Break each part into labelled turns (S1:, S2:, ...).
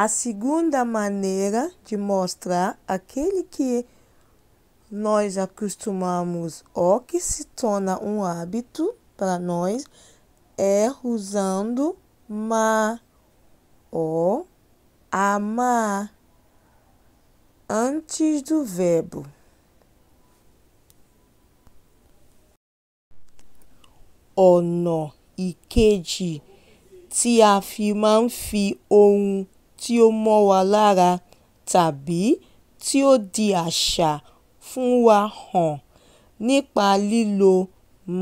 S1: A segunda maneira de mostrar aquele que nós acostumamos ou que se torna um hábito para nós é usando ma ou amar antes do verbo. O ìkejì tí a fi máa fi ohun tí ó mọ́ wa lára tàbí tí ó di àṣà fún wa hàn nípa lílo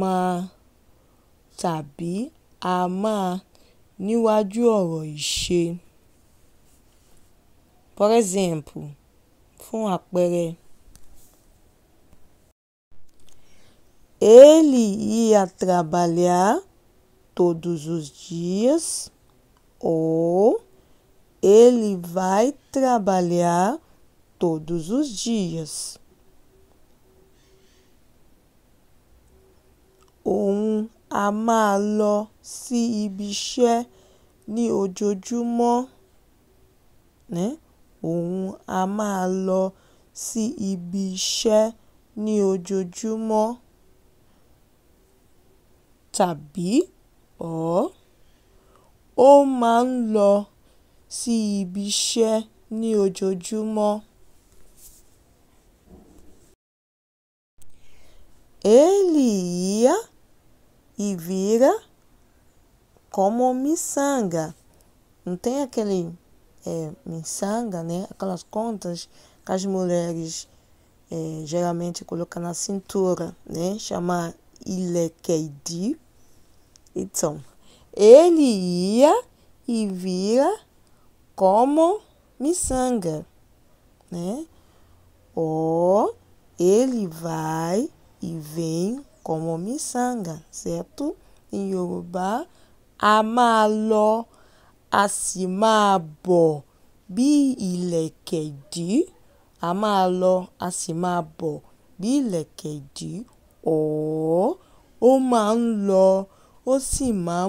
S1: "máa" tàbí "á máa" níwájú ọ̀rọ̀ ìṣe. For example, fún àpẹẹrẹ "Ele ia trabalhar todos os dias" ou ele vai trabalhar todos os dias. Um a máa lọ sí ibi iṣẹ́ ní ojoojúmọ́. Né? Um a máa lọ sí ibi iṣẹ́ ní ojoojúmọ́. Tàbí ó máa ń lọ sí ibi iṣẹ́ ní ojoojúmọ́. Ele ia e vira como miçanga. Não tem aquele é, miçanga, né? Aquelas contas que as mulheres é, geralmente colocam na cintura, né? Chama ilekeidi. Então, ele ia e vira como miçanga, né? O ele vai e vem como miçanga, certo? Em Yorùbá, a asimabo bi a sì máa bọ̀ bí ìlẹ̀kẹ̀ ìdí. A máa lọ, a sì máa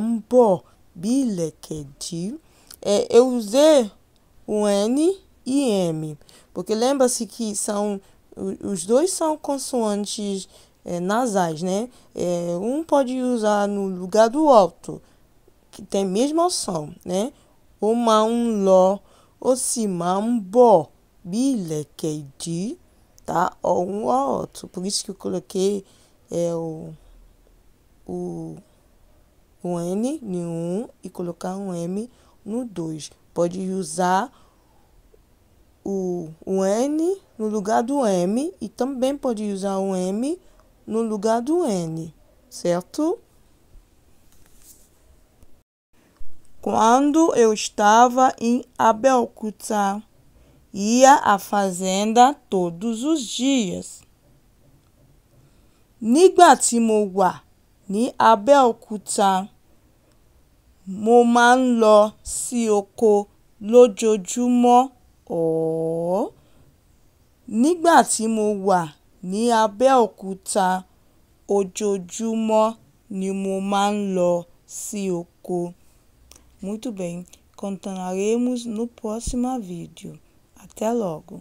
S1: bi bí ìlẹ̀kẹ̀ É, eu usei o N e M, porque lembra-se que são os dois são consoantes é, nasais, né? É, um pode usar no lugar do alto, que tem a mesma som, né? Oma um ló, osima um bó, bilequeidi, tá? ou um ao outro. Por isso que eu coloquei é, o, o, o N em um e colocar um M no 2. Pode usar o, o N no lugar do M e também pode usar o M no lugar do N, certo? Quando eu estava em Abelcuta ia à fazenda todos os dias. Nígbà tí mo Abelcuta Mo máa ń lọ sí oko lójoojúmọ́ or nígbà tí mo wà ní Abẹ́òkúta ojoojúmọ́ ni mo máa ń lọ sí oko. Muito bem, continuaremos no próximo vídeo. Até logo!